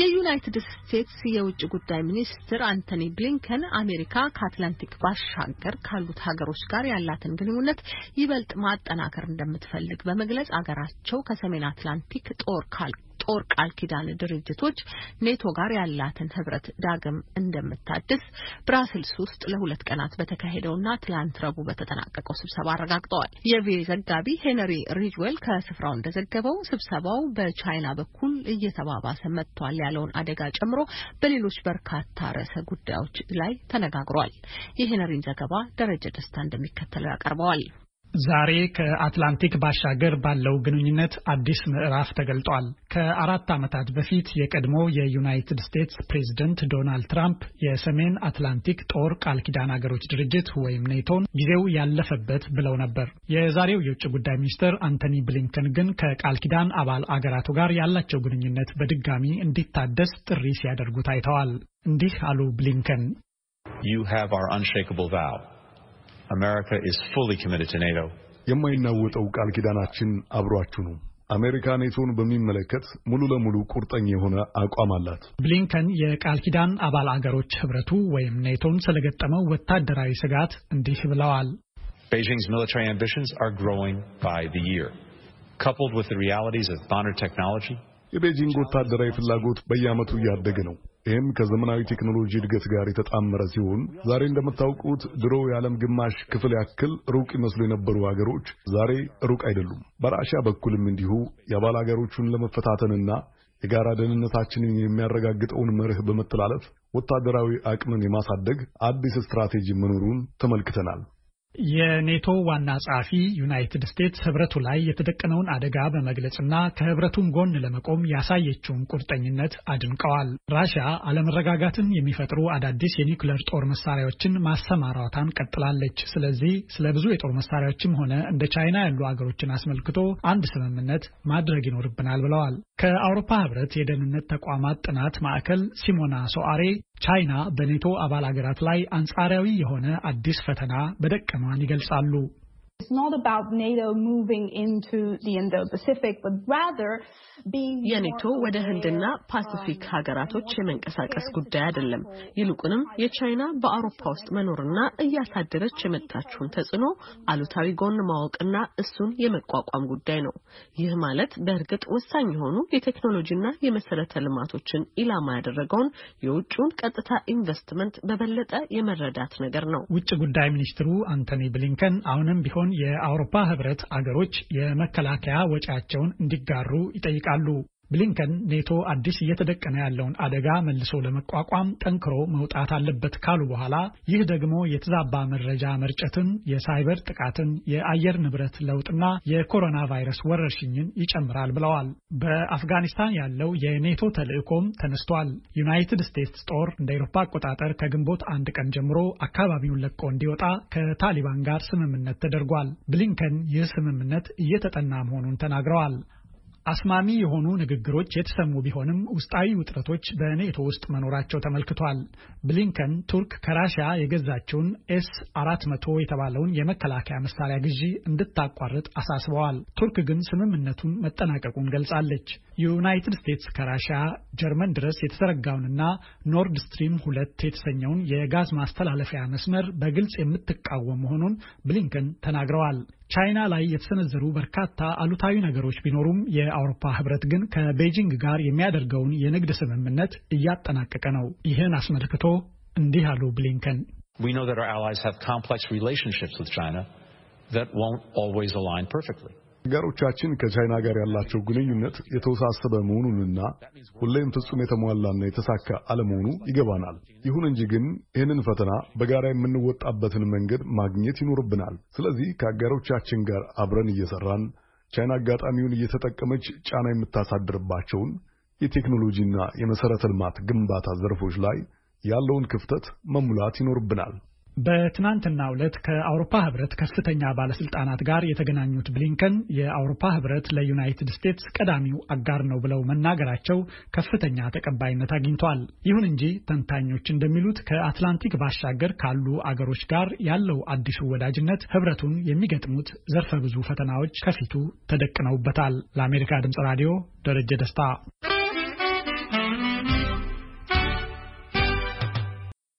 የዩናይትድ ስቴትስ የውጭ ጉዳይ ሚኒስትር አንቶኒ ብሊንከን አሜሪካ ከአትላንቲክ ባሻገር ካሉት ሀገሮች ጋር ያላትን ግንኙነት ይበልጥ ማጠናከር እንደምትፈልግ በመግለጽ ሀገራቸው ከሰሜን አትላንቲክ ጦር ካል የጦር ቃል ኪዳን ድርጅቶች ኔቶ ጋር ያላትን ህብረት ዳግም እንደምታድስ ብራስልስ ውስጥ ለሁለት ቀናት በተካሄደውና ትላንት ረቡዕ በተጠናቀቀው ስብሰባ አረጋግጠዋል። የቪኦኤ ዘጋቢ ሄነሪ ሪጅዌል ከስፍራው እንደዘገበው ስብሰባው በቻይና በኩል እየተባባሰ መጥቷል ያለውን አደጋ ጨምሮ በሌሎች በርካታ ርዕሰ ጉዳዮች ላይ ተነጋግሯል። የሄነሪን ዘገባ ደረጀ ደስታ እንደሚከተለው ያቀርበዋል። ዛሬ ከአትላንቲክ ባሻገር ባለው ግንኙነት አዲስ ምዕራፍ ተገልጧል። ከአራት ዓመታት በፊት የቀድሞ የዩናይትድ ስቴትስ ፕሬዝደንት ዶናልድ ትራምፕ የሰሜን አትላንቲክ ጦር ቃል ኪዳን አገሮች ድርጅት ወይም ኔቶን ጊዜው ያለፈበት ብለው ነበር። የዛሬው የውጭ ጉዳይ ሚኒስትር አንቶኒ ብሊንከን ግን ከቃል ኪዳን አባል አገራቱ ጋር ያላቸው ግንኙነት በድጋሚ እንዲታደስ ጥሪ ሲያደርጉ ታይተዋል። እንዲህ አሉ ብሊንከን America is fully committed to NATO. የማይናወጠው ቃል ኪዳናችን አብሯችሁ ነው። አሜሪካ ኔቶን በሚመለከት ሙሉ ለሙሉ ቁርጠኝ የሆነ አቋም አላት። ብሊንከን የቃል ኪዳን አባል አገሮች ህብረቱ ወይም ኔቶን ስለገጠመው ወታደራዊ ስጋት እንዲህ ብለዋል። Beijing's military ambitions are growing by the year. Coupled with the realities of modern technology, የቤጂንግ ወታደራዊ ፍላጎት በየዓመቱ እያደገ ነው። ይህም ከዘመናዊ ቴክኖሎጂ እድገት ጋር የተጣመረ ሲሆን ዛሬ እንደምታውቁት ድሮ የዓለም ግማሽ ክፍል ያክል ሩቅ ይመስሉ የነበሩ ሀገሮች ዛሬ ሩቅ አይደሉም። በራሻ በኩልም እንዲሁ የአባል ሀገሮቹን ለመፈታተንና የጋራ ደህንነታችንን የሚያረጋግጠውን መርህ በመተላለፍ ወታደራዊ አቅምን የማሳደግ አዲስ ስትራቴጂ መኖሩን ተመልክተናል። የኔቶ ዋና ጸሐፊ ዩናይትድ ስቴትስ ህብረቱ ላይ የተደቀነውን አደጋ በመግለጽና ከህብረቱም ጎን ለመቆም ያሳየችውን ቁርጠኝነት አድንቀዋል። ራሽያ አለመረጋጋትን የሚፈጥሩ አዳዲስ የኒውክለር ጦር መሳሪያዎችን ማሰማራቷን ቀጥላለች። ስለዚህ ስለ ብዙ የጦር መሳሪያዎችም ሆነ እንደ ቻይና ያሉ አገሮችን አስመልክቶ አንድ ስምምነት ማድረግ ይኖርብናል ብለዋል። ከአውሮፓ ህብረት የደህንነት ተቋማት ጥናት ማዕከል ሲሞና ሶአሬ ቻይና በኔቶ አባል አገራት ላይ አንጻራዊ የሆነ አዲስ ፈተና መደቀኗን ይገልጻሉ። It's not about NATO moving into the Indo-Pacific, but rather being የኔቶ ወደ ህንድና ፓሲፊክ ሀገራቶች የመንቀሳቀስ ጉዳይ አይደለም። ይልቁንም የቻይና በአውሮፓ ውስጥ መኖርና እያሳደረች የመጣችውን ተጽዕኖ አሉታዊ ጎን ማወቅና እሱን የመቋቋም ጉዳይ ነው። ይህ ማለት በእርግጥ ወሳኝ የሆኑ የቴክኖሎጂና የመሰረተ ልማቶችን ኢላማ ያደረገውን የውጭውን ቀጥታ ኢንቨስትመንት በበለጠ የመረዳት ነገር ነው። ውጭ ጉዳይ ሚኒስትሩ አንቶኒ ብሊንከን አሁንም ቢሆን የአውሮፓ ህብረት አገሮች የመከላከያ ወጪያቸውን እንዲጋሩ ይጠይቃሉ። ብሊንከን ኔቶ አዲስ እየተደቀነ ያለውን አደጋ መልሶ ለመቋቋም ጠንክሮ መውጣት አለበት ካሉ በኋላ ይህ ደግሞ የተዛባ መረጃ መርጨትን፣ የሳይበር ጥቃትን፣ የአየር ንብረት ለውጥና የኮሮና ቫይረስ ወረርሽኝን ይጨምራል ብለዋል። በአፍጋኒስታን ያለው የኔቶ ተልዕኮም ተነስቷል። ዩናይትድ ስቴትስ ጦር እንደ ኤሮፓ አቆጣጠር ከግንቦት አንድ ቀን ጀምሮ አካባቢውን ለቆ እንዲወጣ ከታሊባን ጋር ስምምነት ተደርጓል። ብሊንከን ይህ ስምምነት እየተጠና መሆኑን ተናግረዋል። አስማሚ የሆኑ ንግግሮች የተሰሙ ቢሆንም ውስጣዊ ውጥረቶች በኔቶ ውስጥ መኖራቸው ተመልክቷል። ብሊንከን ቱርክ ከራሽያ የገዛችውን ኤስ አራት መቶ የተባለውን የመከላከያ መሳሪያ ግዢ እንድታቋርጥ አሳስበዋል። ቱርክ ግን ስምምነቱን መጠናቀቁን ገልጻለች። ዩናይትድ ስቴትስ ከራሽያ ጀርመን ድረስ የተዘረጋውንና ኖርድ ስትሪም ሁለት የተሰኘውን የጋዝ ማስተላለፊያ መስመር በግልጽ የምትቃወም መሆኑን ብሊንከን ተናግረዋል። ቻይና ላይ የተሰነዘሩ በርካታ አሉታዊ ነገሮች ቢኖሩም የአውሮፓ ህብረት ግን ከቤጂንግ ጋር የሚያደርገውን የንግድ ስምምነት እያጠናቀቀ ነው። ይህን አስመልክቶ እንዲህ አሉ ብሊንከን። We know that our allies have complex relationships with China that won't always align perfectly. አጋሮቻችን ከቻይና ጋር ያላቸው ግንኙነት የተወሳሰበ መሆኑንና ሁሌም ፍጹም የተሟላና የተሳካ አለመሆኑ ይገባናል። ይሁን እንጂ ግን ይህንን ፈተና በጋራ የምንወጣበትን መንገድ ማግኘት ይኖርብናል። ስለዚህ ከአጋሮቻችን ጋር አብረን እየሰራን ቻይና አጋጣሚውን እየተጠቀመች ጫና የምታሳድርባቸውን የቴክኖሎጂና የመሠረተ ልማት ግንባታ ዘርፎች ላይ ያለውን ክፍተት መሙላት ይኖርብናል። በትናንትናው ዕለት ከአውሮፓ ህብረት ከፍተኛ ባለስልጣናት ጋር የተገናኙት ብሊንከን የአውሮፓ ህብረት ለዩናይትድ ስቴትስ ቀዳሚው አጋር ነው ብለው መናገራቸው ከፍተኛ ተቀባይነት አግኝቷል። ይሁን እንጂ ተንታኞች እንደሚሉት ከአትላንቲክ ባሻገር ካሉ አገሮች ጋር ያለው አዲሱ ወዳጅነት ህብረቱን የሚገጥሙት ዘርፈ ብዙ ፈተናዎች ከፊቱ ተደቅነውበታል። ለአሜሪካ ድምጽ ራዲዮ ደረጀ ደስታ